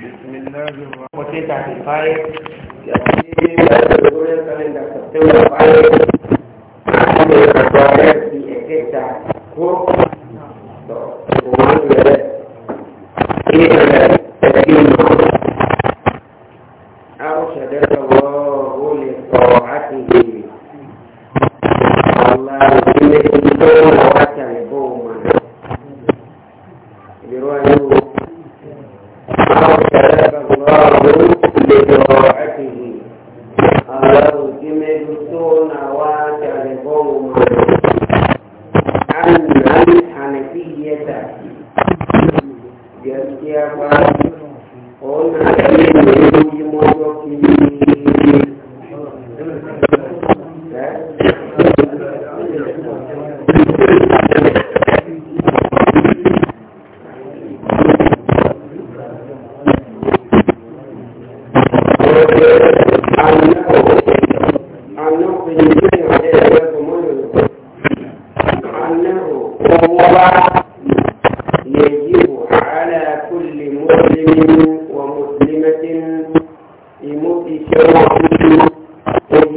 Bismillahirrahmanirrahim.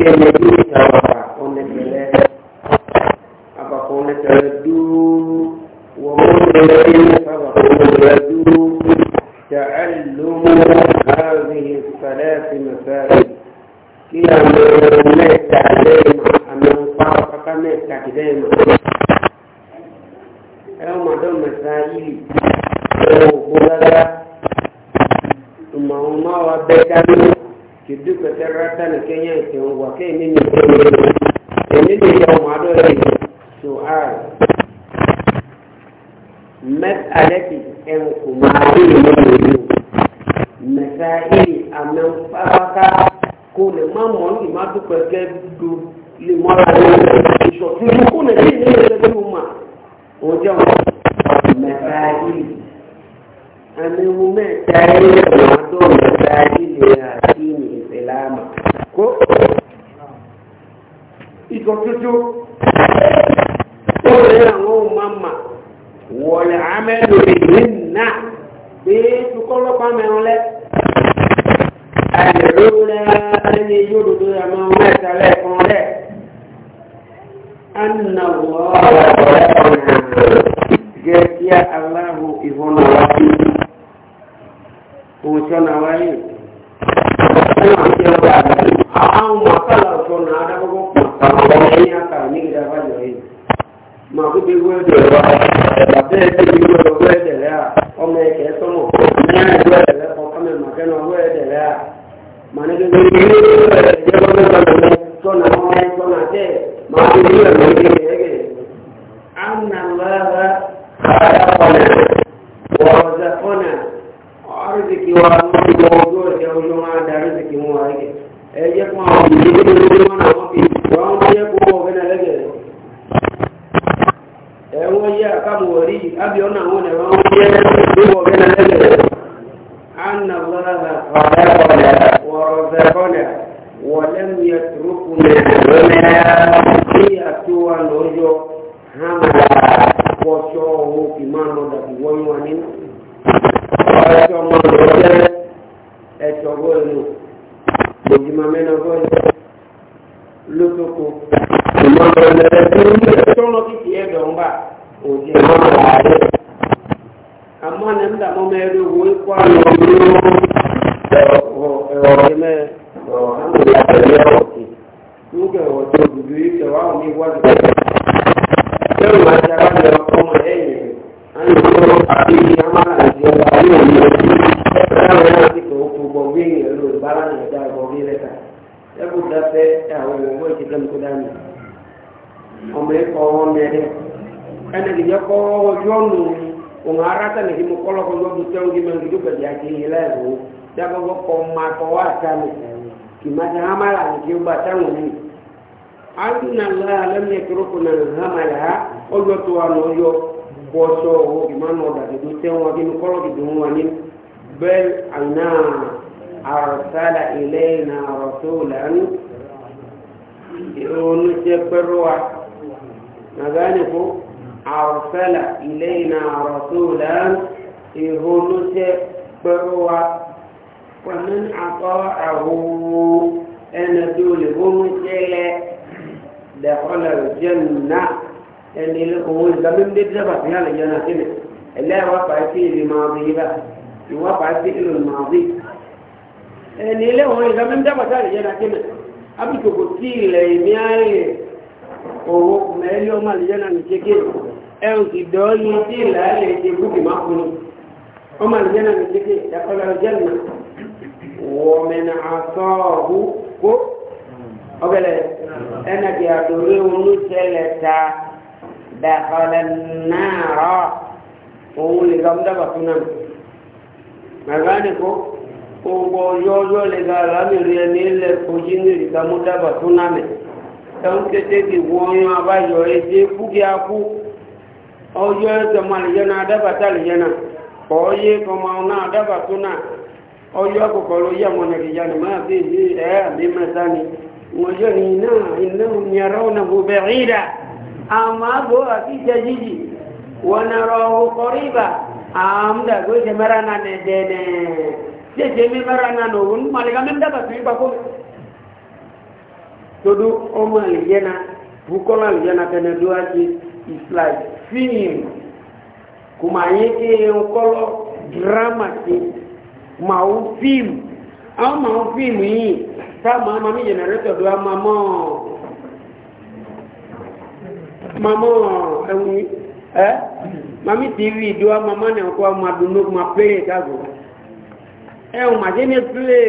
kene duri tawara onne kele apa ko onne kele du wo mo ne ne saba pé èmi nìyẹn. ya aláwo ìfọ̀nà wáyé òṣọ́nà wáyé ẹ̀rọ ti ọba àgbẹ̀ àwọn mọ̀kànlá ọ̀ṣọ́nà adágbọ́gbọ́ pọ̀ ẹ̀yìn àkà ní ìdábà yọ̀ yìí màá tó bí wọ́n dẹ̀ wá bàbá ẹ̀ tó bí wọ́n dẹ̀ wọ́n dẹ̀ lẹ́à ọmọ ẹ̀kẹ́ sọ́mọ̀ mẹ́rin wọ́n dẹ̀ lẹ́kọ̀ọ́ kámẹ́ màkẹ́ náà wọ́n màá ní kí wọ́n dẹ̀ lẹ́à you. táwọn mí alùnàlá alẹ́mìí kúrókùnà hàmàlà ọjọ́ tó wà lọ́yọ́ bọ́sọ̀ owó ìmánu ọ̀dà dídú tẹ́wọ́n bí kọ́lọ́ dídú wọn ní bẹ́ẹ̀ àná àròsálà ilẹ̀ ìnà àròsólà ń ìrònú jẹ́ pẹ́rọ wa nàgánì kó àròsálà ilẹ̀ ìnà àròsólà ń ìrònú jẹ́ pẹ́rọ wa wọ́n ní àtọ́ àwòrán ẹni tó lè bómú tẹ́lẹ̀ dẹ̀kọ́lẹ̀ jẹ́nà ẹni lẹ́kọ̀ọ́ wọn ìgbà mímú dé dábàá fi hàn lẹ́yìn náà sílẹ̀ ẹlẹ́yà wá pàá sí ìlú màá bí yíba ìwá pàá sí ìlú màá bí ẹni lẹ́kọ̀ọ́ wọn ìgbà mímú dábàá sí lẹ́yìn náà sílẹ̀ abikoko tí ilẹ̀ ìmí ayé owó mẹ́lẹ́ ọmọ lẹ́yìn náà nìṣe ké ẹ̀rù ti ti búkì ko ọbẹ̀lẹ̀ ẹnàbí àdórí olùsẹ̀lẹ̀ ta dàkọ̀lẹ̀ náàrọ̀ òun lè gbàmú dábàá fún náà màgá ni ko gbogbo yọ́yọ́ lè ga alámìrí ẹni ilẹ̀ kojú ní ìgbàmú dábàá fún náà mẹ́ tán kété kì wọ́n yan abáyọ̀ èdè kúkí akú ọjọ́ ẹ̀sẹ̀ mọ́ àlìyẹ́nà adábàtà àlìyẹ́nà ọ̀ọ́yé kọ́mọ náà adábàá náà ọjọ́ kòkòrò yàmọ̀ nàìjíríà máa bí ní ẹ̀ àbí mẹ́ta ni wọ́n yọ ní iná iná nyàrá ọ̀nà bùbẹ̀ ríra àmọ́ àgbò àti ìjẹ́jìjì wọ́n rọ ọkọ̀ ríba àmdàgbò ìjẹmẹ́ra náà nẹ̀dẹ̀ẹ̀dẹ̀ jẹ́jẹ́ mẹ́ra náà nòun màlìkà mẹ́ndàbà tó yípa kó todo ọmọ àlìyẹ́na bukọ́lá àlìyẹ́na tẹnẹdó àti islam fíìmù kò máa yẹ kí ẹ kọ́lọ́ dírámà sí màá fíìmù àwọn màá fíìmù yìí táàmù àmà mi jẹnẹrétọ̀ do àmà mọ́ mamọ́ ẹ̀wùn ẹ́ mami tv do àmà mọ́ nà ẹ̀kọ́ àmà dùnú mà péré kágo ẹ̀wùn màá jẹ́ ní péré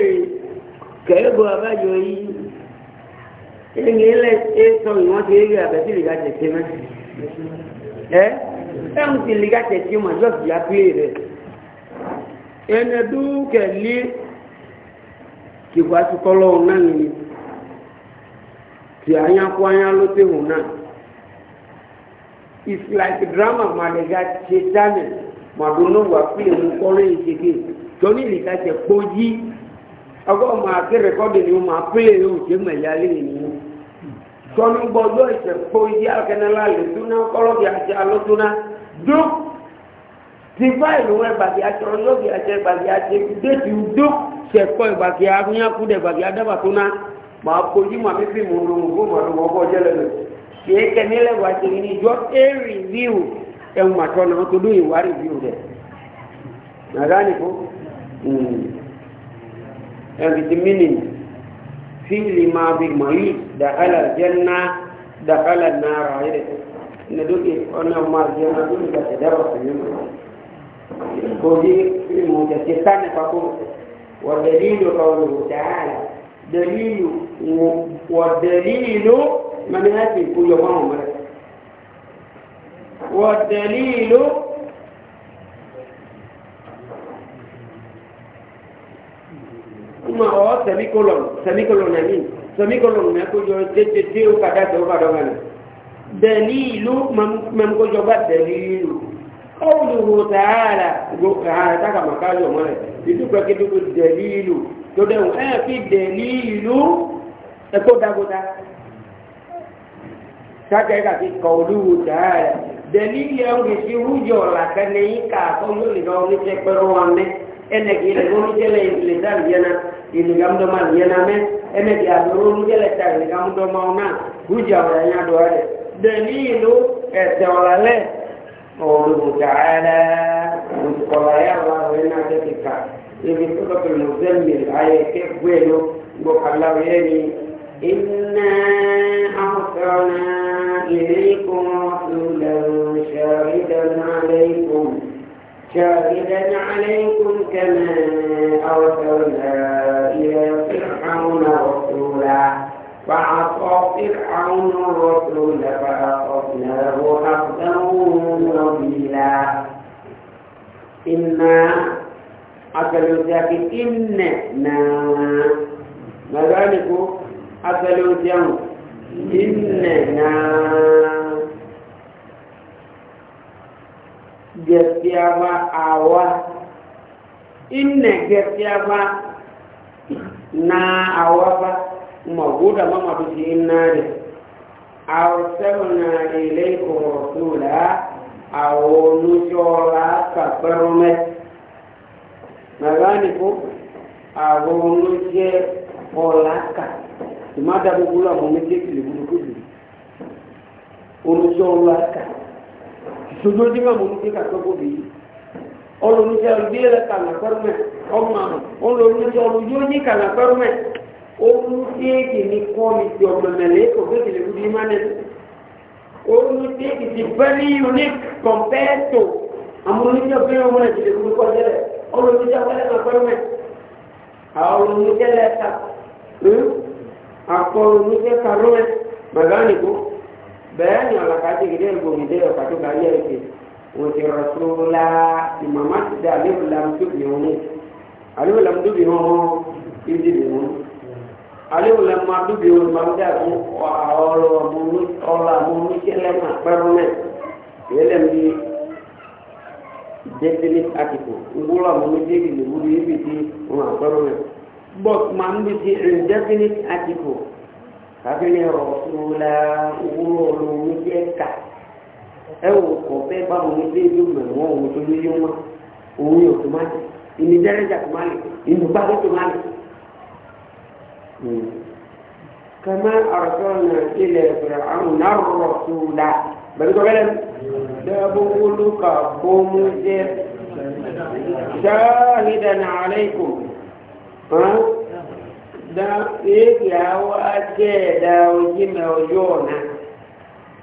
kẹ́lẹ́gbọ̀ abájọ yìí ẹ̀yìn ilẹ̀ ẹ̀sọ ìwọ́n ti rí àbẹ̀tí ìlìgá tẹ̀tẹ̀ mẹ́ ẹ́ ẹ̀wùn ti ìlìgá tẹ̀tẹ̀ mọ̀ jọ́ọ̀kì yá péré rẹ̀. Ene dúkẹ̀ lé kìwá ti kọ́lọ́ náà nìyí tí anyakó anya ló tẹ̀ náà it's like drama màlẹ́gà ṣe dánẹ̀ màdúnú wà fílẹ̀ mú kọ́lọ́ yìí tóní ìlìkà ṣe kpójí ọgọ́ ọmọ akérè ni wọ́n máa yóò ṣe mẹ̀yà lè dúná a ṣe tifa ìlúwẹ̀ gbàgbé atsọ̀rọ̀ lọ́bì àjẹ gbàgbé àjẹ déètì udó sẹ̀kọ́ ìgbàgbé amúnyákú dẹ̀ gbàgbé adábà tó ná màá kojú màá fífi mò ń lòun fún màá lòun ọkọ̀ ọjọ́ lẹ́nu kìí kẹ́ni lẹ́wọ̀ àti ní ìjọ éèrì víù ẹ̀hún àtọ́ náà tó dún ìwárí víù rẹ̀ nàdá nìkó ẹ̀rìndì mínì fíìlì máa bí màyí dàkálà jẹ́nà dàkálà náà rà كوجي موجتان فقول والدليل من هذه كل يوم والدليل ما هو سميكولون سميكولون يعني سميكولون ما يقول يوم تي قوله تعالى هذا كما قال يوم الله يتوقع كتوك الدليل تدعو ايه في الدليل تقول ده قد ساكا ايه في قوله تعالى دليل يوم يسيه جولا كان ايكا قوله لقوم يتكبروا عنه ene ki le gomi ke le inglesan yena ini gam do man yena me ene ki adoro mu ke le ta ini gam do mauna guja wa yena do ale deni lu e te ola le قوله تعالى يا الله لنا ذلك يبي سورة المزمل آية كيف ويلو بوحى الله يلي إنا أرسلنا إليكم رسولا شاهدا عليكم شاهدا عليكم كما أرسلنا إلى فرعون رسولا فعصى فرعون الرسول فأخذناه أخذا رضيلا إنا أكل ذاك إننا مذلك أكل ذاك إننا جسيابا آوا إن جسيابا نا آوا با مغودا ما مبسي إنا دي أرسلنا إليكم رسولا أو نشورا كفرمت مغانيكو أو نشورا ìmáda gbogbo àwọn méjèèjì lè wúlò kó lè olùsọ ọlá kà ìṣojú máa mú nígbà tó kóbi yìí olùsọ ọlùdíyẹ lẹ kà nà pẹrù mẹ ọmọ àmọ olùsọ ọlùdíyẹ ní kà nà pẹrù mẹ omuteki ni kɔmi jɔnmɛmɛlɛ kɔfɛ kele kudi ma nɛ omuteki ti very unique compared to amunijɛ bɛ yɔn mɛnɛ kele kudi kɔjɛ dɛ ɔlɔmidjɛ wɛlɛ ma kɔrɔ mɛ ɔlɔmidjɛ lɛ ta akɔlɔmidjɛ karɔ mɛ magani ko bɛɛ ni ala ka tigi dɛ gbomi dɛ ɔka to ka yɛrɛ ke wote rasuula imama ti da ale wula muso bi hɔn ale wula muso bi hɔn ibi bi hɔn alẹ́ wòle ma dúbi wòle ma dúbi àti ọlọ mọ̀mí ọlọ mọ̀mí kẹlẹ́ ma pẹ́rù mẹ́ yẹlẹ̀ mi dẹ́tẹ́lẹ́ àtìkù ńgbọ́lọ̀ mọ̀mí débi lèwúrú ibi tí wọ́n ma pẹ́rù mẹ́ bọ́t ma ń bi ti ndẹ́tẹ́lẹ́ àtìkù kábílẹ̀ rọ̀ṣúlá wúlò lómi jẹ́ ká ẹ wò kọ́ bẹ́ẹ̀ bá mọ̀mí débi mẹ́wọ́n òun tó ní yé wọn òun yóò tó má lè ìnìjẹ́rẹ́jà tó má lè ìnùgbà tó tó má lè kama arsalna ila fir'auna ar-rasula bari ko galen da bu uluka ko mu je shahidan alaikum ha da yake hawa ce da wuji mai ojona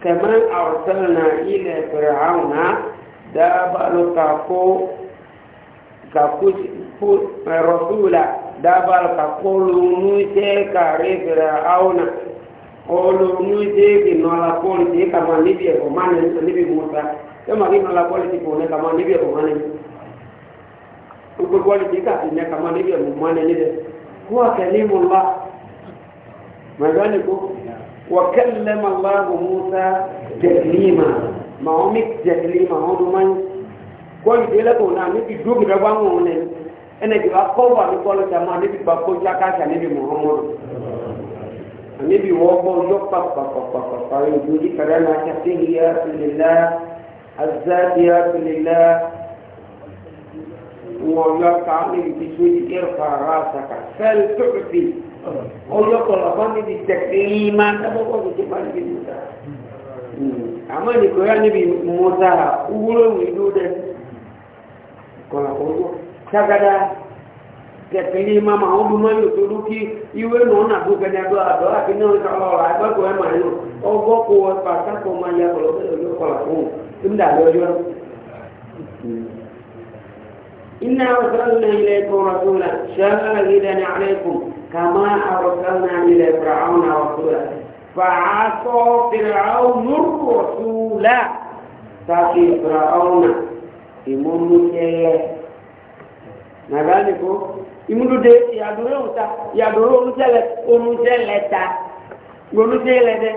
kama arsalna ila fir'auna da baluka ko dabal ka kolu nuite ka refera auna kolu nuite ki nola politi kama libye ko mane libye musa kama ki nola politi ko ne kama libye ko mane ko politi ka e ne kama libye ko mane ne huwa kalimullah madani ko wa kallama allah musa taklima maomik taklima hodu man ko ile ko na ni dugi da bangu ne ene ji ba ko ba ko lo jama ne bi ba ko ja ka ja ne bi muhammad ne bi wo bo yo pa pa pa pa pa pa yin ju di kare na ta tahiyatu lillah azzadiyatu lillah wo yo ka ne bi ju di irfa rasaka fal tu'fi o yo ko la ba ni di takrima ta bo ko di pa ni di ta ama ni ko ya ni bi musa uwuro wi sagada kẹkẹlẹ mama àwọn ọdún mọ́yò tó dúkí ìwé náà nà tó kẹni adó àdó àti náà kàwọ́ ọ̀rọ̀ àgbàgbọ́ ẹ̀ màá yọ ọgbọ́ kó wọ pàtà kó máa ya kọ̀lọ́ bẹ́ẹ̀ lọ́jọ́ kọ̀lọ́ fún un tó ń dàbí ọjọ́. iná ọ̀sán ilẹ̀ kọ̀ọ̀rọ̀ tó la ṣẹ́ẹ́rẹ́ ìdá ní àlẹ́kùn kàmá àròsán náà ilẹ̀ fìràwọn náà wà tó na gani ko imudude yadure uta yadure onujele onujele ta onujele de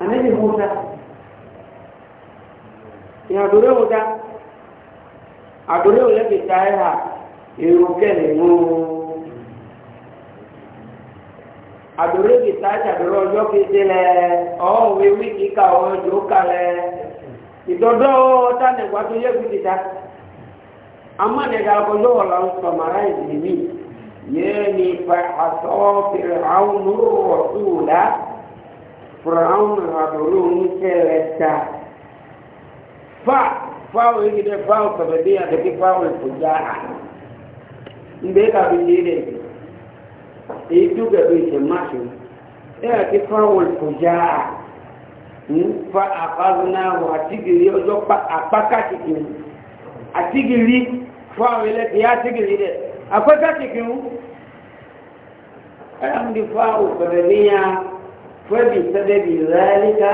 anani huta yadure uta adure ole kita ya, ha iruke ni mu adure ke tai adure ojo ke tele oh we wiki ka ojo kale idodo ta ne gwa to ye kuti ta amma da ga ko yau lan samara izini yani fa aso fir'aun rasula fir'aun hadurun keleta fa fa wani da fa be da fa ka bi e bi fa hmm? fa pa apaka àtígìrí fún àwọn ilẹ̀ tí yá tígìrí dẹ̀ àkọ́jọ́ kìkìn ẹ̀rọ̀mdì fún àwọn òfẹ̀rẹ̀ níyà fẹ́bì sẹ́dẹ̀bì ráyálíkà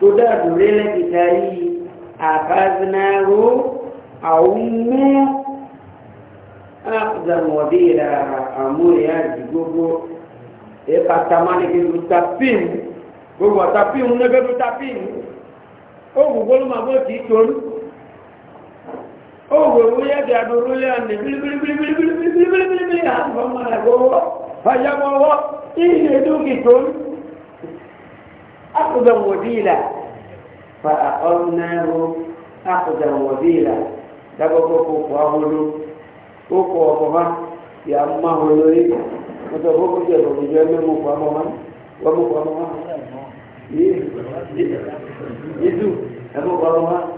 tó dáàbò rélẹ̀ kìtà yìí àkàzínáró àwọn mú àzàmọ̀dé ìlà àmúrẹ̀ àjì gbogbo ẹ̀ka tamánikì ló ta fíìmù gbogbo àtàfíìmù nẹ́gbẹ́ ló ta fíìmù ó gbogbo ló máa bọ́ kìí tóní òwe wúyẹ kí adúrú wọn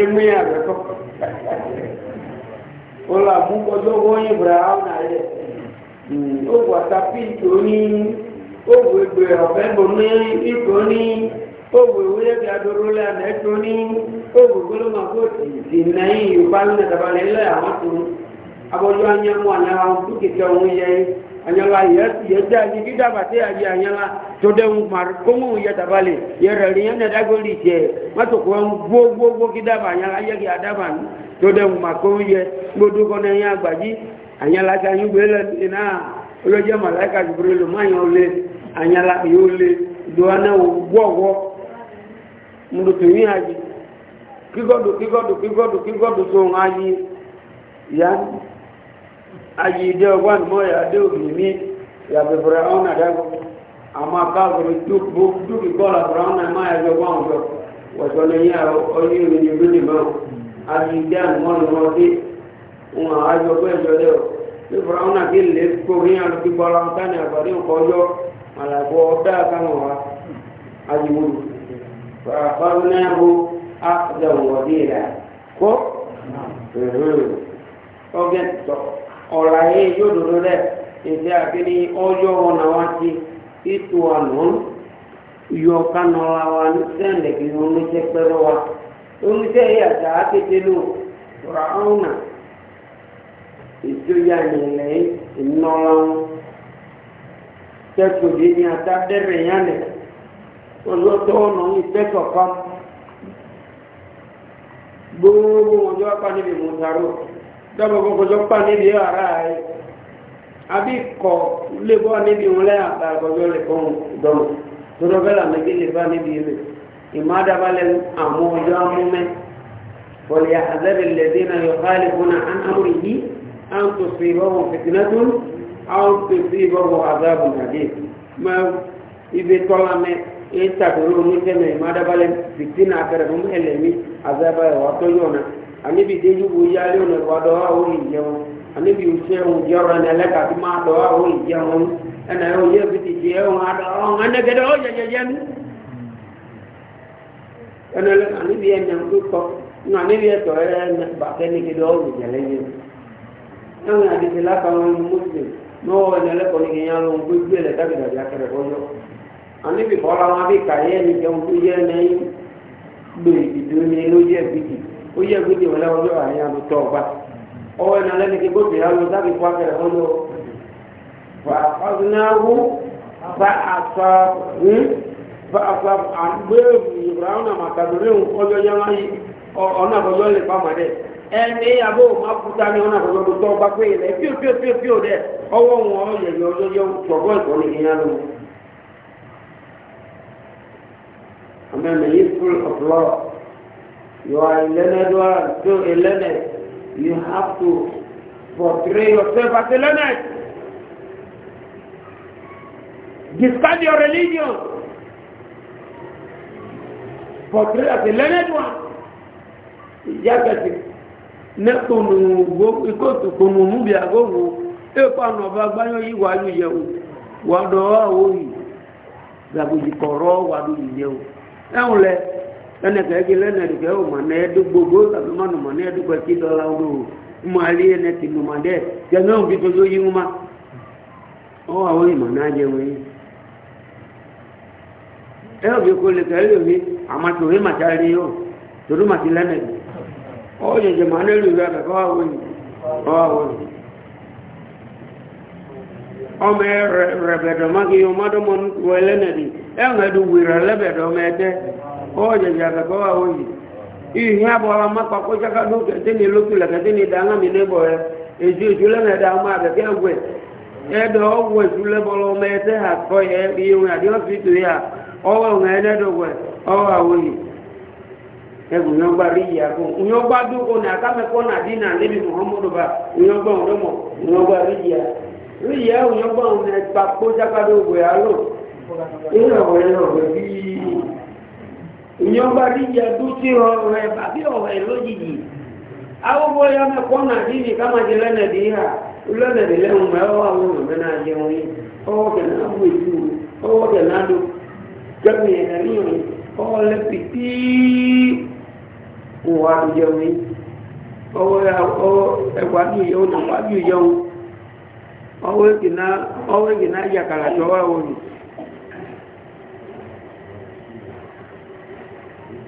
emu ya bɛ kɔ o la mu kɔjɔ wɔnyi bra awo na yɛ o bu atapi to ni o bu egbe ɔbɛ bo ni iko ni o bu ewúrɛ bi adoro lɛ anɛ to ni o bu gbolo ma ko ti ti nɛyi o àwọn to ni abọ́jọ́ anyamú anyala dúkìtì ọ̀hún yẹ anyala yẹda ní dídàbà tí a yẹ anyala tó dẹ́hùn mar kóńgò yẹ dabalẹ̀ yẹ rẹ̀ ní yẹn dẹ́dá gbọ́dọ̀ ìjẹ́ mọ́tò kọ́ gbogbogbò kí dàbà anyala yẹ kí adàbà tó dẹ́hùn mar kóńgò yẹ gbọ́dọ̀ kọ́ náà yẹ àgbàjì anyala ti anyugbe lẹ́nu náà olójẹ́ màláìka jùbúrú lò má yàn ó lé anyala yóò do doana wo gbọ́wọ́ mùtò yín ayé kígọ́dù kígọ́dù kígọ́dù kígọ́dù tó ń ayé yá ayide wan moya de mimi ya be brauna da go ama ka go du bu du bi gola brauna ma ya go wan go wa so le ya o ni ni ni ni ma ayide an mo no di un a yo go yo de be brauna ki le ko ni an ki gola ta ne ba ri ko yo mala go da ka no wa ajibu fa ọgẹ́ tọ́ ọ̀rọ̀ ayé yóò dòdò rẹ̀ èdè àkíní ọjọ́ wọn náà wá sí ètò àná yọ kánà wa ní sẹ́ǹdẹ̀ kí wọn ló jẹ́ pẹ́rọ wa oníṣẹ́ yìí àjà akéde ló rà ọ́nà ètò yà nílẹ̀ ìnáwó tẹ́kọ̀dé ní atádẹ́rẹ̀ yá lẹ̀ ọlọ́tọ́ ọ̀nà ìfẹ́kọ̀ọ́ gbogbo ọjọ́ apá níbi mọ̀tàrọ̀ dọ́gbọ̀ gbogbo tó pà níbi ara rẹ̀ àbí kọ̀ lè bọ́ níbi wọn lẹ́yà àgbàgbọ́jọ́ lè kọ́ dọ́nà tó dọ́ bẹ́ẹ̀ làmẹ́gí lè bá níbi ilẹ̀ ìmádàbálẹ̀ àmú ọjọ́ amúmẹ́ wọ̀lẹ̀ àzẹ́bẹ̀ lẹ́dẹ́ náà yọ káàlì fún àwọn àmúrì yìí à ń tó sí ìbọ̀wọ̀ fìtínà anibi dejubu yali one wa doa o ijeun anibi useun jora ne leka ti ma doa o ijeun ena o ye biti jeun ada o ngane gede o je je jen ena le anibi en nam ku ko na anibi to en ba ke ni gede o je le ni na na di la ka mo muslim no ne le ko ni ya lo ku gbe le ta bi da ya kere ko yo anibi ko la ma bi ka ye ni jeun ku ye ne gbe ni ó yẹ gbèdé wọn lẹ́wọ́n lọ́wọ́ àyìn àlùtọ́ ọ̀gbà ọwọ́ ẹ̀nà lẹ́nu kí gbòdè àwọn sábì fún akẹ́rẹ́ wọn lọ. wà á náwó afa a sọ bá a sọ àgbẹ̀ ìbùràwọn àmà kàdúrẹ́ ọjọ́ yẹn wáyé ọ̀nà àbọ̀jọ́ lè fà màdẹ́ ẹni àbò máa kúta ní ọ̀nà àbọ̀jọ́ tó tọ́ ọgbà pé ilẹ̀ píò píò píò píò ke you are learned one, still a learned. You have to portray yourself as a learned. Discard your religion. Portray as a learned one. Ìjákẹ̀tì nẹ́kùnù gbogbo ìkóòtù kùnù mú bí agbóhùn èkó àwọn ọba agbáyọ yìí wà ní ìyẹ̀wò wà dọ̀ọ́ àwòrì gbàgbòjì kọ̀ọ̀rọ̀ wà ní ìyẹ̀wò. Ẹ̀hùn lẹ̀ ɛnɛ kɛ ɛdi lɛ ɛnɛ kɛ ɔma nɛ ɛdi gbogbo ɛdi ma nɔma nɛ ɛdi gbɛ ti dɔla o ma ali ɛnɛ ti nɔma dɛ kɛ nɛ obi tó yó yi ŋu ma ɔwɔ awo yi ma nɛ adi ɛwɛ yi ɛyɔ bi ko le kɛ ɛyɔ bi ama tó yi ma ti ali yɔ tó ma ti lɛ ɛnɛ ɔwɔ dzedze ma nɛ ɛlò yi abɛ k'ɔwɔ awo yi ɔwɔ awo yi ọmọ rẹ̀bẹ̀dọ̀ máa kí ọmọdọ́mọ wẹlẹ́nẹ̀dì ẹ̀rùn ẹ̀dùn wìrẹ̀ lẹ́bẹ̀dọ̀ ọmọ ẹ̀dẹ́ ọ̀jẹ̀jẹ̀ àkàkọ́ wà wọ́n yìí ìhìn àbọ̀ àwọn amápa kó jáká ló kẹ̀tẹ́ ní lókè lẹ̀kẹ́tẹ́ ní ìdáná mi níbọ̀ ẹ èsì èsì lẹ́nu ẹ̀dá ọmọ àbẹ̀kẹ́ ẹ̀wẹ̀ ẹ̀dọ̀ ọwọ́ èsì lẹ́bọ̀lọ́ ọmọ ẹ̀ tẹ́ àkọ́ yẹ iye òun àdéhùn fi tò yà ọwọ́ òun ìyọba díjà dúkì ọ̀rẹ́ bàbí ọ̀rẹ́ lójijì awọ́bọ ya mẹ́kọ́ náà dídì káma ti lẹ́nẹ̀dì yá lẹ́nẹ̀dì lẹ́hùn mẹ́wọ́ àwọn ọ̀rẹ́ náà jẹun yìí ọwọ́ kẹ̀lẹ́ àbú ìlú ọwọ́ kẹ̀lẹ́ àdó jẹ́mi ẹ̀rẹ́ yìí ọwọ́ lẹ́ pìtì wọ́n àdó jẹun yìí ọwọ́ ẹ̀kọ́ àdó ìyẹun ọwọ́ ẹ̀kìnà ọwọ́ ẹ̀kìnà yàkàlà tó wà wọ́n yìí.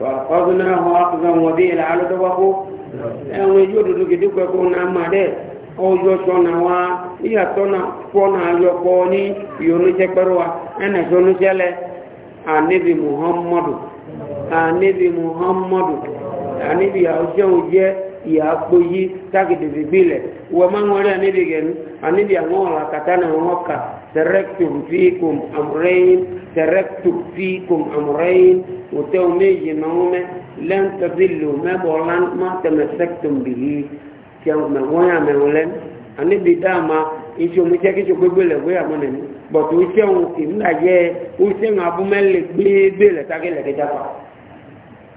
فأخذناه أخذا وبيل على دوقه ẹ̀wọ̀n yóò dúdú gidi pẹ̀kọ́ náà má dẹ̀ ọjọ́ sọ́nà wa ìyàtọ̀nà fọ́nà ayọ̀pọ̀ ní ìyọnújẹ́ pẹ̀rọ wa ẹnà ìyọnújẹ́lẹ̀ àníbi muhammadu àníbi muhammadu àníbi àwùjẹ́ òjẹ́ ìyàpọ̀ yìí tágìdì bìbílẹ̀ wọ́n máa ń wọlé àníbi gẹ̀ẹ́nu anibi àwọn ọ̀rọ̀ àkàtà náà wọ́n kà tẹ̀rẹ́kùm fíkùm àmúrẹ́yìn tẹ̀rẹ́kùm fíkùm àmúrẹ́yìn òtẹ́ omi yìí náà mẹ́ lẹ́ńtọ́sílù mẹ́bọ̀ọ́lá má tẹ̀mẹ̀ sẹ́kùm bìyí kí wọ́n yà mẹ́wọ́n lẹ́nu anibi dáàmà iṣẹ́ omi jẹ́ kíṣe gbégbé lẹ̀ gbé àmọ́ nẹ̀mí bọ̀tù iṣẹ́ òun ìmúlà yẹ iṣẹ́ òun abúmẹ́lẹ̀ gbégbé lẹ̀ sáké lẹ̀ kẹjá pa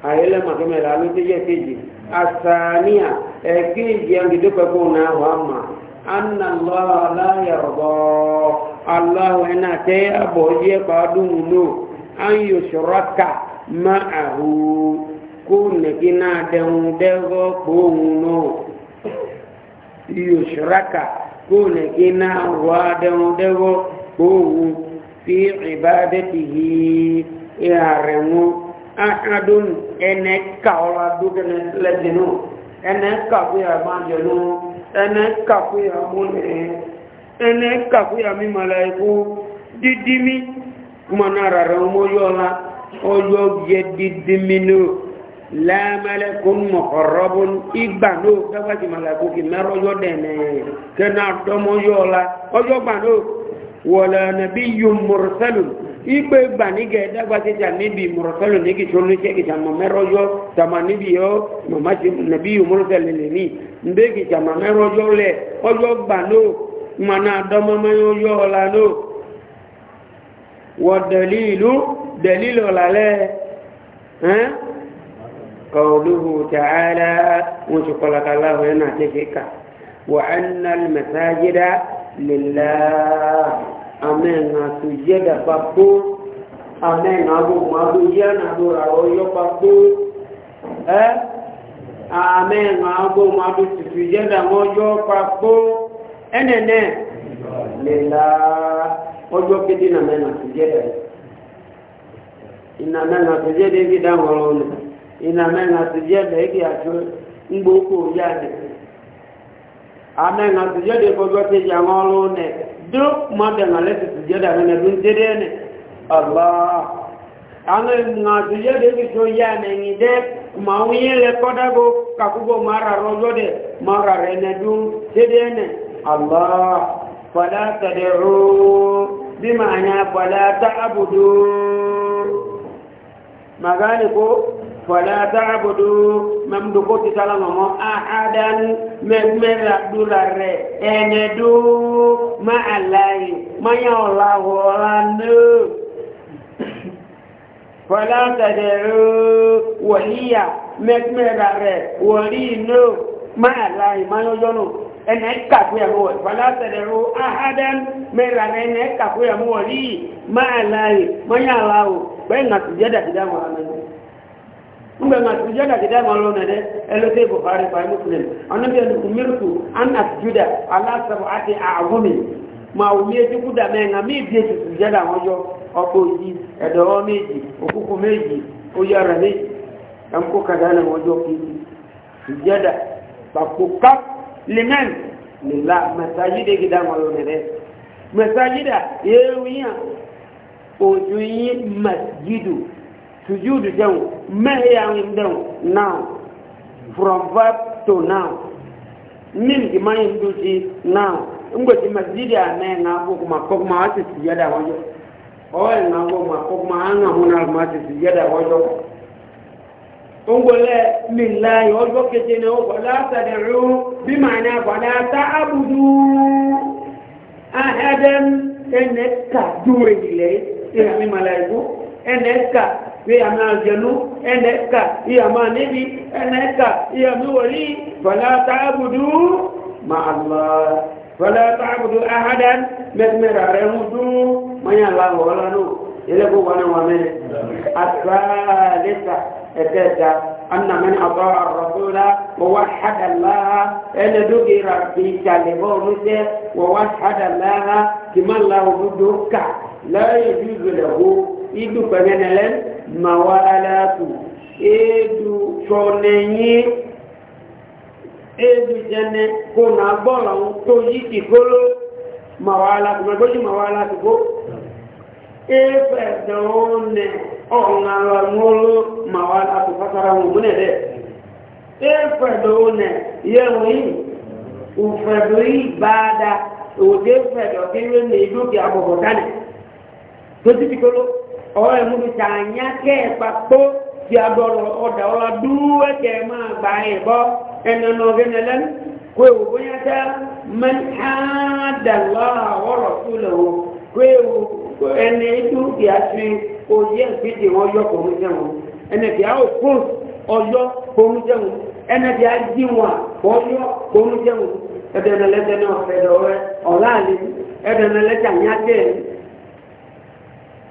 àyẹlẹ́ màkẹ́mẹ́lẹ́ alóṣèjẹ́ kejì àṣàníyà ẹ̀kejì àgídókòkò náà wà máa anna allah la yarda allah ina te abo ye ba dun lo an yushraka ma'ahu kun kina den dego kun no yushraka kun kina wa den dego kun fi ibadatihi ya remu ahadun ene kaola dugene ledinu ene kabu ya manjelu ene kakuya mune ene kakuya mi malaiku didimi manara romo yola oyo ye didimi no la malakun muqarrabun igbano dawa ti malaiku ki mero yo dene kana domo yola oyo gbano wala nabiyyun mursalun Ikpe gba ni ga da gba ti ta ni bi mursalu ni ki chulu che ki tamo mero yo tama ni bi yo no ma ti nabi mursal le ni nde ki yo le ojo gba no ma na mo me yo yo la no wa dalilu dalilu la le hein qawluhu ta'ala wa shukala kallahu yana ka wa anna masajida lillah amenga tujeda papo papo eh na abo mabu tujeda mojo papo enene eh, lela ojo kidina mena tujeda ina mena tujeda hivi dangolone ina mena tujeda hivi acho mgboko yane amenga tujeda kojo teja duk madana su sujada mana dun dare ne Allah an na sujada ki so ya ne ni de ma uye le koda go kakugo mara rojo de mara rene dun dare ne Allah fala tad'u bima ana fala ta'budu magani ko فلا تعبدوا ممدوكو تسالا مو احدا ممرا دولار اندو مع الله ما يولا ولان فلا تدعوا وليا ممرا ولينو مع الله ما يوجونو ẹnẹ kàkú ẹ̀mú wọ̀ ìfàlásẹ̀lẹ̀rú ahádẹ́m mẹ́ra ẹnẹ kàkú ẹ̀mú wọ̀ rí máa láàyè mọ́yàlá ò pẹ́ ìnà tìjẹ́dà ìdámọ̀ àmẹ́ni ngbe nga sujja da gida ma lona de elote bukhari by muslim annabi an umirtu an asjuda ala sab'ati a'zumi ma umiye ti kuda me nga mi bi ti sujja da opo yi edo méjì okuku méjì oyara ni am ko kadana mojo ki sujja da ba ku ka liman lillah masajide gida lona de masajida yewiya ojuyin masjidu sujudu dɛw mɛhiyawin dɛw now from verb to now min gima yin dusi now na masjidi na nga kuma kokuma wati na wajo owe nga kuma kokuma anga huna mati sijada wajo ongole lillahi ojo ketene o la tad'u bi ma'na wala ta'budu ahadan eneka dure ile ina mi malaiku eneka فلا تعبدوا مع الله فلا تعبدوا أحدا من مرارهم دو ما يلاه ولا نو إلا هو أنا ومن الثالثة أن من أطاع الرسول ووحد الله أن دوجي ربي كلمه ووحد الله كما الله دوكا لا يجوز له يدوك من الأنس Mawalaku, edu tsɔnenyi edu tsɛnɛ ko na gbɔlɔ ŋu to yi ti kolo mawalatu mɛ gbɔdzi mawalatu ko eƒe ɖewo nɛ ɔŋalɔ ŋolo mawalatu fasara ŋu munɛ dɛ eƒe ɖewo nɛ yewu yi ufe do yi baada òde fɛ dɔ kéwé ne dókè abɔbɔ kanɛ tó ti ti kolo ọ̀rọ̀ ìmúbi tà nyá kẹ́ ẹ̀ papò tí a dọ̀rọ̀ ọ̀dà ọ̀la dúró ẹ̀kẹ́ máa gbà ẹ̀ bọ́ ẹ̀nà ọ̀gẹ́nà lẹ́nu kó ewu bóyá tẹ́ mẹ́tàdàlá ọ̀rọ̀ tó lè wọ kó ewu ẹni tó ti a fi oyé ìgbéde wọn yọ kò ń jẹun ẹni tí a ò fún ọyọ kò ń jẹun ẹni tí a ẹ̀dẹ̀nà lẹ́tẹ̀ ní ọ̀fẹ́ ẹ̀dẹ̀nà lẹ́tẹ̀ àyájẹ́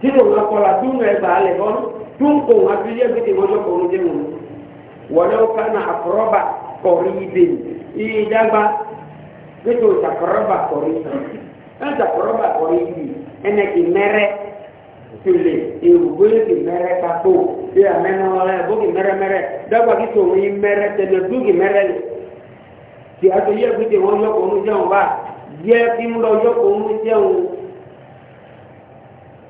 títò wọn kọlá tó ń rẹ bàá lẹ bọ́n tó ń kó wọn fi yé pété wọn lọ́kọ̀ ọ̀run jẹun wọlé ọkà náà àkọrọ́bà kọ̀rí ibè iye ìdágbà pété o sàkọrọ́bà kọ̀rí ibè náà sàkọrọ́bà kọ̀rí ibè ẹnẹ kì mẹrẹ tòlè èrògbó yẹ kì mẹrẹ kakó bí amẹnà ọlẹ bó kì mẹrẹ mẹrẹ dágbà kí tòun yí mẹrẹ tẹnẹ dú kì mẹrẹ lẹ tìyàtò yẹ pété wọn lọ́kọ̀ ọ̀run jẹun bá yẹ kí ń lọ lọ́kọ̀ ọ̀run jẹun.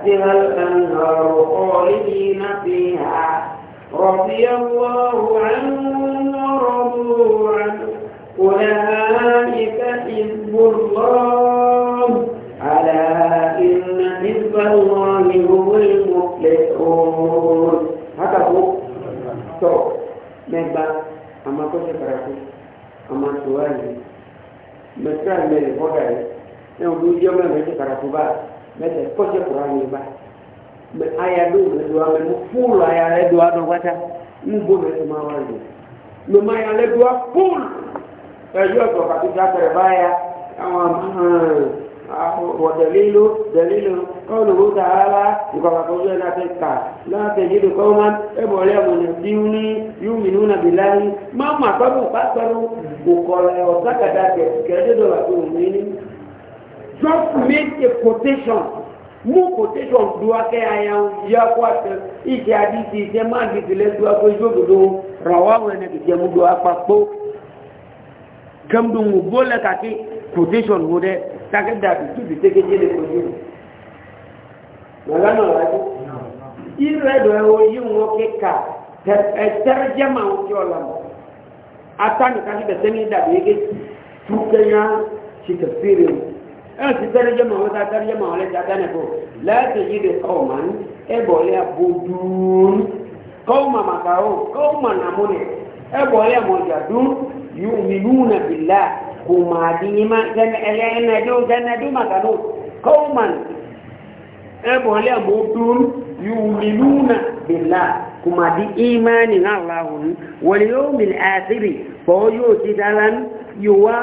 تحتها الأنهار خالدين فيها رضي الله عنهم ورضوا عنه أولئك حزب الله على إن حزب الله هم المفلحون هكذا تو مبا أما تشكرك أما سؤالي مثال من الفضل يوم يوم يوم يوم يوم mẹsẹ kọjá kura yìí bá mẹ aya do mẹ do amẹ mo fúlù aya lẹ do adọ wájà ń gbó mẹ tó máa wá lò mẹ má ya lẹ do a fúlù ẹyọ ọgbọ kàtó tó akẹrẹ báyà àwọn ahàn wọ̀dẹ̀lílò dẹ̀lílò kọlùwò tààlà ìkọ̀kọ̀kọ̀jú ẹ̀ láti kà láti yìí lè kọ́mọ́ ẹbọ̀lẹ́ àmọ̀nà tí ó ní yóò mì nínú nàbì láyé má mà tọ́lù pátọ́lù kò kọ̀ọ̀lẹ̀ ọ̀sákàdá kẹ̀kẹ́ dédọ̀là tó mú ní just make a quotation mú quotation duwakẹ́ aya yakọ́ àtẹ ìṣe àdìsí ìṣe máa dìtìlẹ̀ duwakọ́ ìṣòdodo rọ̀wá wẹ̀nẹ̀ kìkẹ́ mú duwakọ́ pọ́ gamdun wo bóòlẹ̀ kàkí quotation wo dẹ́ takẹ́ dàbí túbi tẹ́kẹ́jẹ́ lè pẹ̀lú màgánà wájú ìrẹ́dọ̀ ẹ̀wọ̀ yìí wọ́n kíkà ẹ̀tẹ́rẹ́jẹ́ máa ń kí ọ̀la mọ̀ atánìkan níbẹ̀ sẹ́ni dàbí yẹ́kẹ́ túkẹ́yà ṣìkẹ́ fèrè mọ̀ ẹ̀sì tẹ́rẹ́jẹ́mọ̀ wọ́n ta tẹ́rẹ́jẹ́mọ̀ wọ́n lẹ́ta tẹ́nẹ̀kọ́ láti yí de kọ́ọ̀mà ń ẹ̀bọ̀lẹ́ àbòdùn kọ́ọ̀mà màkàó kọ́ọ̀mà nàmúnẹ̀ ẹ̀bọ̀lẹ́ mọ̀jàdún yóò mi núnà bìlá kò máa di yíma ẹ̀ẹ́nẹ́dún kọ́ọ̀mà ẹ̀bọ̀lẹ́ àbòdùn yóò mi núnà bìlá kò máa di yíma ní aláhùn wọ́n yóò mi àṣírí fọ́ yóò ti dára yóò wá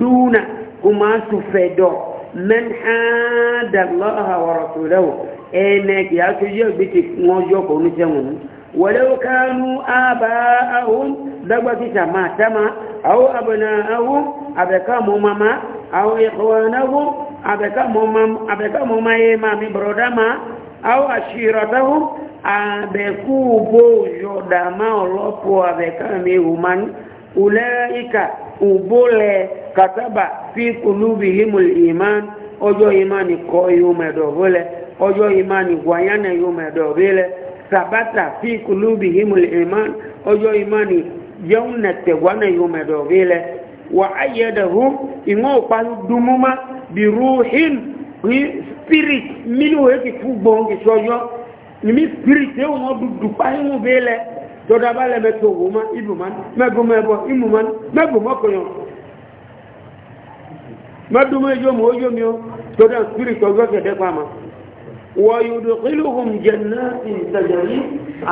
dúnà kuma su fedo man hada Allah wa rasulahu ene ki a to yo bi ti won yo ko ni jẹun walau kanu aba'ahum dagba ti sama sama au abna'ahum abeka mu mama au ikhwanahum abeka mu mam abeka mu maye mami brodama au ashiratahum abeku bo yodama olopo abeka mi human ulaika ubole kataba fi kulubihimul iman ojo imani ko yumedo bole ojo imani guayana yumedo bele sabata fi kulubihimul iman ojo imani yaunate guana yumedo bele wa ayyadahum ingo palu dumuma bi ruhin spirit minu weki fugbo ngi soyo ni spirit e won dudu pa inu bele dodo abale meto woma ibuman megumo ebo imuman megumo koyo medumo ejomi ojomi o dodo spirit ojo kede pama ويدخلهم جنات تجري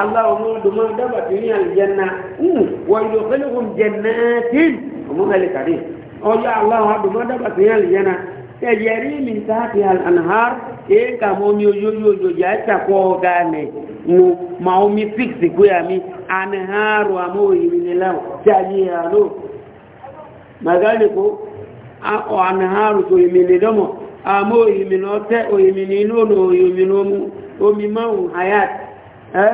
الله يقول ما دبت هي الجنة ويدخلهم جنات هم ذلك عليه أو يا الله ما دبت هي الجنة تجري من تحتها الأنهار إيه كمومي يو يو يو يو يو يو يو يو يو يو anharu amoi minilao chajia no magaliko o anharu to iminidomo amoi minote o iminino no iminomu o mimau hayat eh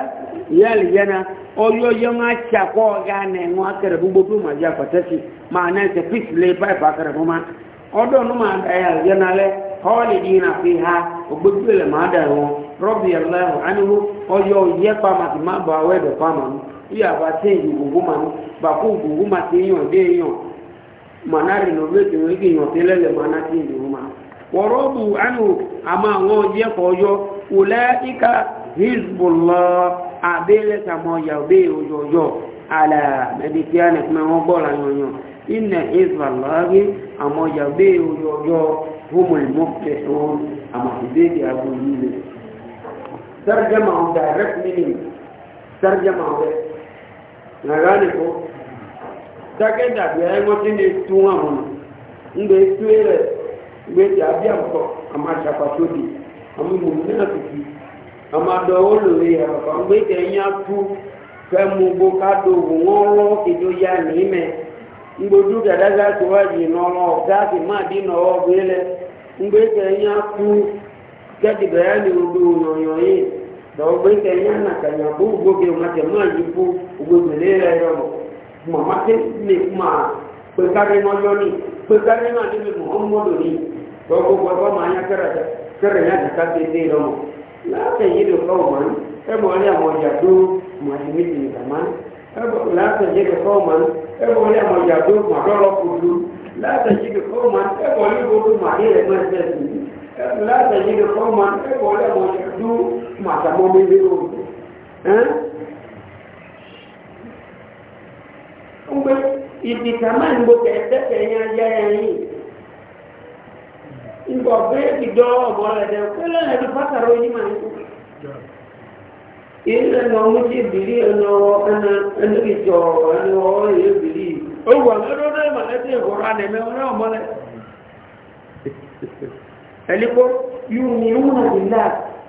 yali jana oyo yonga chako gane ngwa kere bubu tu maja patati maana se pis le pa pa kere mama odo no ma da ya jana le holidina fiha ogbele ma da won rọ́bì aláwọ̀ ánìwó ọyọ yẹ pàmà tí má bọ̀ àwọ̀ ẹ̀dọ̀ pàmà mú yíyà bá tẹ̀ ìlú gbogbo mà mú bàkú gbogbo mà tẹ̀ yàn dé yàn màná rìn lọ lóde wọn kì yàn tẹ́lẹ̀ lẹ̀ màná tẹ̀ ìlú mà. wọ́rọ́bù ánìwó àmọ́ àwọn yẹ kọ́ ọyọ wòlẹ́ ika hezbollah abẹ́lẹ̀ sàmọ́ yàgbé ọjọ́jọ́ àlà mẹ́díkíánì fún wọn gbọ́ làwọn yàn inna hezbollah àmọ́ yàgbé ọjọ́jọ́ homo ìmọ̀fẹ́ wọn àmọ́ ìbéèrè àbúrò yìí lẹ̀. ترجمة on direct meaning ترجمة on nagani ko take da biya ngo tini tunga mun nde tuere nde ti abia ko ama chapa tudi amu munena tiki ama do ya ko nde te tu fe mu bo ka do ya ni me ngbodu ga to ji no ma di tu tɔw bɛ tɛ nyana ka nya bo bo bi o ma tɛ ma yi bo o bɛ kuma kpekari ma yɔ ni kpekari ma ne bi mɔgɔ mɔ do ni tɔw ko bɔ ma nya kɛra dɛ kɛra nya dika te te yɔrɔ mɔ laafɛ yi do kaw ma ɛ mɔ ne mɔ ja do ma ti mi tini ka ma ɛ bɔ laafɛ yi do kaw ma ɛ mɔ ne mɔ ja do ma dɔ lɔ kudu laafɛ yi do kaw ma ɛ mɔ láti ẹ̀yìn lè fọ́ ma ẹ̀kọ́ lẹ́mọ̀ ṣẹ́dú màtàmọ́ mi lé o ń gbé ìdìtàmá ìgbòkè ẹ̀tẹ́kẹ̀ yẹn ayé ẹ̀yìn ìgbọ̀ bẹ́ ìdọ́ ọ̀bọ̀ lẹ́dẹ̀ pẹ́lẹ́ ẹ̀dù pátàrọ̀ yìí máa ń kú ilé ẹ̀nà ọmọ tí ìbìlí ẹ̀nà ẹ̀nà ìjọ ẹ̀nà ọ̀rọ̀ ìbìlí ó wà lọ́dọ́dọ́ ìmọ̀lẹ́tì ìgbọ̀rọ̀ àdẹ̀mẹ́ ọ̀rẹ́ ọ̀mọ́lẹ́ ẹ̀lẹ́kọ́ yóò ní múnà nílá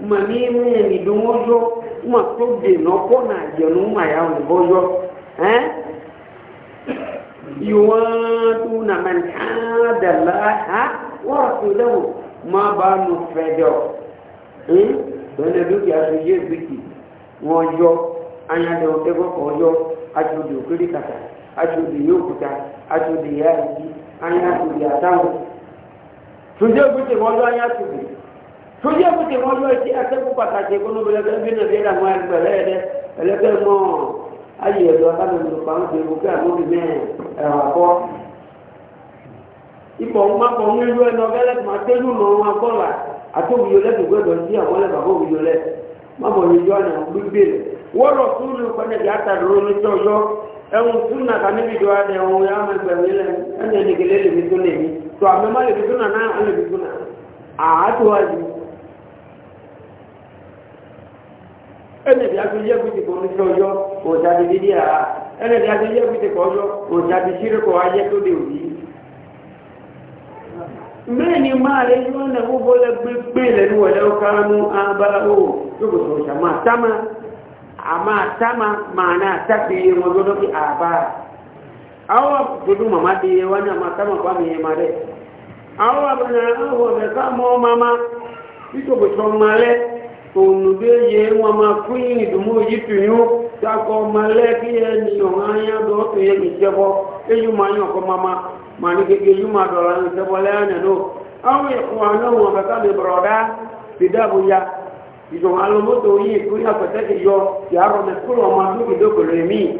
mà ní múnà ìdúnwọ́jọ́ mà tó dènà kọ́ náà jẹ̀nu mà yà wọ́n bọ́jọ́ ẹ́n ìwọ́n tó nà mà ní ha wọ́n tó lẹ́wọ̀ má bá nù fẹ́jọ́ ẹ́n bẹ́ẹ̀ dúkìá tó wọ́n yọ anyadẹ ọ̀tẹ́gbọ́ kan yọ aṣọ òkèlè kàtà aṣọ yóò kúta aṣọ òdì yá ìdí àtàwọn. tujue kuti wọlọ anya tubi tujue kuti wọlọ eti akẹkọ pàtàkì kọnọ bẹlẹkẹ bí nàbí ẹdá mọ ẹgbẹlẹ ẹdẹ ẹlẹkẹ mọ ayé ẹdọ akadọdọ pàmò tó ebùkẹ àmóbi mẹ ẹwà kọ ipò ńmá kọ ń lu ẹnọ bẹlẹ tó ma tẹnu nọ wọn akọlà àti òwúyọ lẹbi gbẹdọ sí àwọn lẹbi àbọ òwúyọ lẹ má bọ yìí yọ ọnà gbígbé lẹ Ah, to amma ma da suna na Allah da suna a hatuwa ji ẹnẹ bí a ti yẹ kùtì kò ní sí ọjọ́ kò sábì dídí àá ẹnẹ bí a ti yẹ kùtì kò ọjọ́ kò sábì sírí kò ayé tó dé òbí. bẹ́ẹ̀ ni máa lè yọ ọ̀nà gbogbo lẹ́gbẹ́ gbé lẹ́nu wẹ̀lẹ́ ọ̀kánú abáwò yóò sọ̀rọ̀ sàmà támà àmà támà màánà tápì wọn lọ́dọ́ bí àbá. awa dudu mama ma ama makama kwa ma mare awa bana awa beka mo mama ito bito male onube ye wama kwini dumu yitu yu tako male kiye ni onganya do to ye kijebo eyu mama ni anya do awa ye kwana wa beka mi broda ya ijo alomo to yi kuya pateke yo ma me kulo mi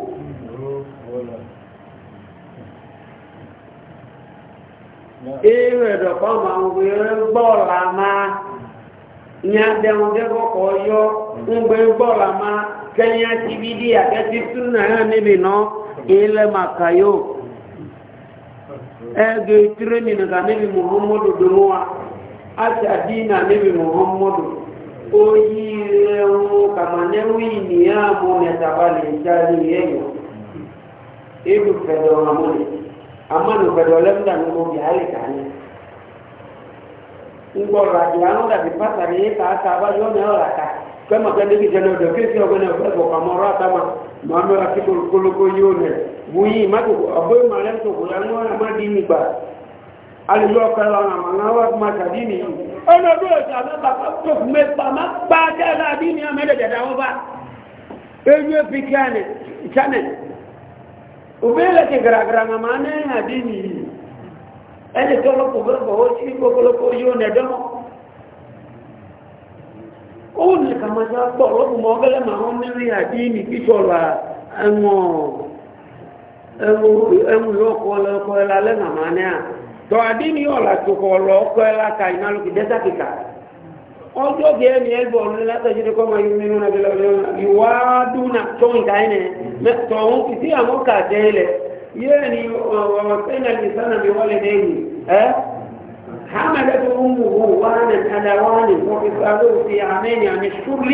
ewu ẹ̀dọ̀kọ́ máa ń gbé gbọ́ọ̀lá máa nya dẹ̀hùn dẹ́kọ̀kọ́ yọ ń gbé gbọ́ọ̀lá máa kẹ́yìn àti bídí àkẹ́tì tún a, níbi náà ilẹ̀ màkàyò ẹgbẹ́ níbi muhammadu dùnú níbi muhammadu ó yí ẹ̀hún kàmánẹ́wì nìyá mú mẹ́tàbálẹ̀ ìjáde yẹ̀yọ̀ ibùfẹ̀dọ̀ àmúlẹ̀. amanu kadolem dan ngomong jahil kan ngkol radiano da di pasar ini tak sabar yo ne ola ka kama kan di jano do ke yo gona ba ko kamora tama mame ati kul kul ko yone buyi mako abo malen to ko lan di ma dini ba ali yo ka la na manawa ma ka dini ana do ja na ba ka to me ba ma ba ka la dini amede da wa ba ewe pikane ubele ke gara-gara nga mana ya dini ene tolo ko go go si ko ko ko yo ne do o ne ka ma ja bo lo mo ma on ne ya dini ki so la anwo ewu ewu yo ko lo ko la le na mana to adini yo la to ko lo ko la ka ina lo ki desa ki ka ojo ge ni elbo ni la ta ji ko na bi lo yo na to ngai tọ̀hún kìtì àmúkà jẹ́ ilẹ̀ yẹ́ ni ọ̀sẹ́nà lè sánà mi wọlé lẹ́yìn ẹ́ حملت أمه وانا على وان وإسألوه في عامين عن الشر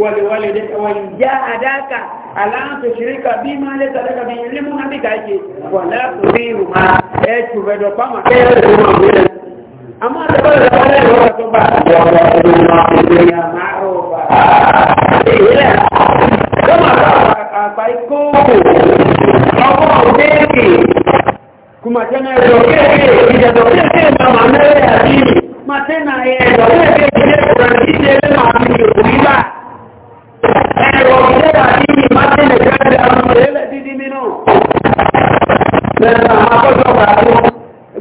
ولوالدك وإن جاهداك على أن تشرك بما ليس لك به علم بك ولا تطيعهما أشوف دوكما أما تقول يا معروفة ko awo deke kuma tena deke ida deke na maana ya dini matena ya deke ile kurandike ile maamini kuiba ero ile dini matena kaje amrele didi mino na hapo kwa sababu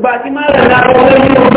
basi mara na kwa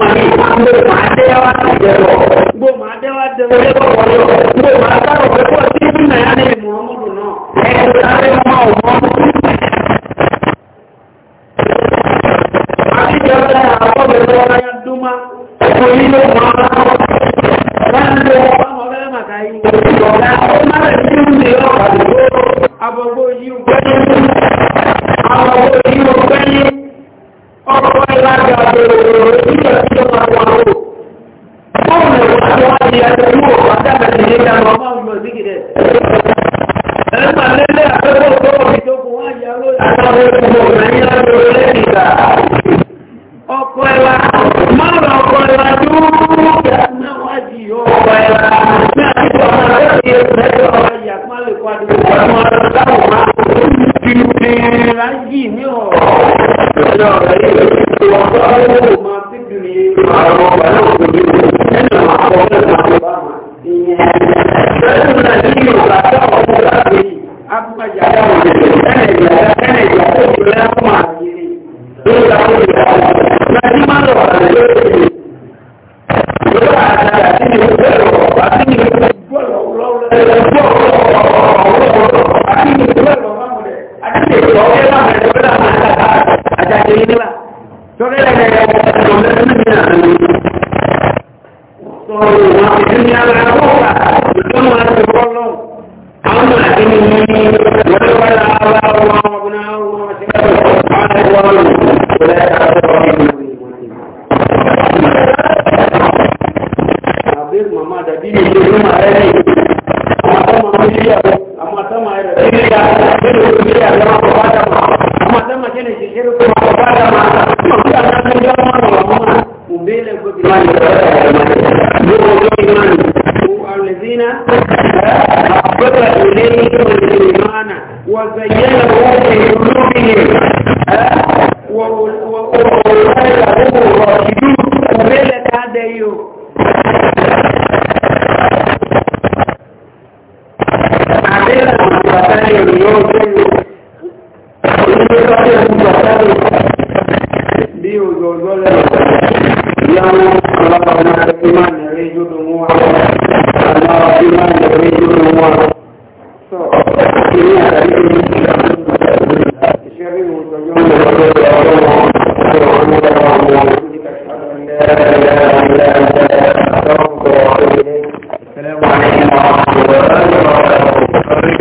mà ní gbogbo màá dẹ́wà dẹ̀rọ̀ gbogbo màá dẹ́wà dẹ̀rọ̀ lẹ́wọ̀ wọlé gbogbo màá dárò pé kó tí bí nàá ní ìmọ̀ọ́mọ́dù náà ẹ̀rọ sáré máa ò mọ́. àti ìjọba àwọn ọmọ ìjọba yẹn dúnmá ẹ̀kọ́ yìí ló mọ́ ìwọ̀n ìdúnyàrá àbúkà ìjọba àti bọ́ọ̀lù àwọn àti nìyí. عليه الإيمان وزينه في قلوبهم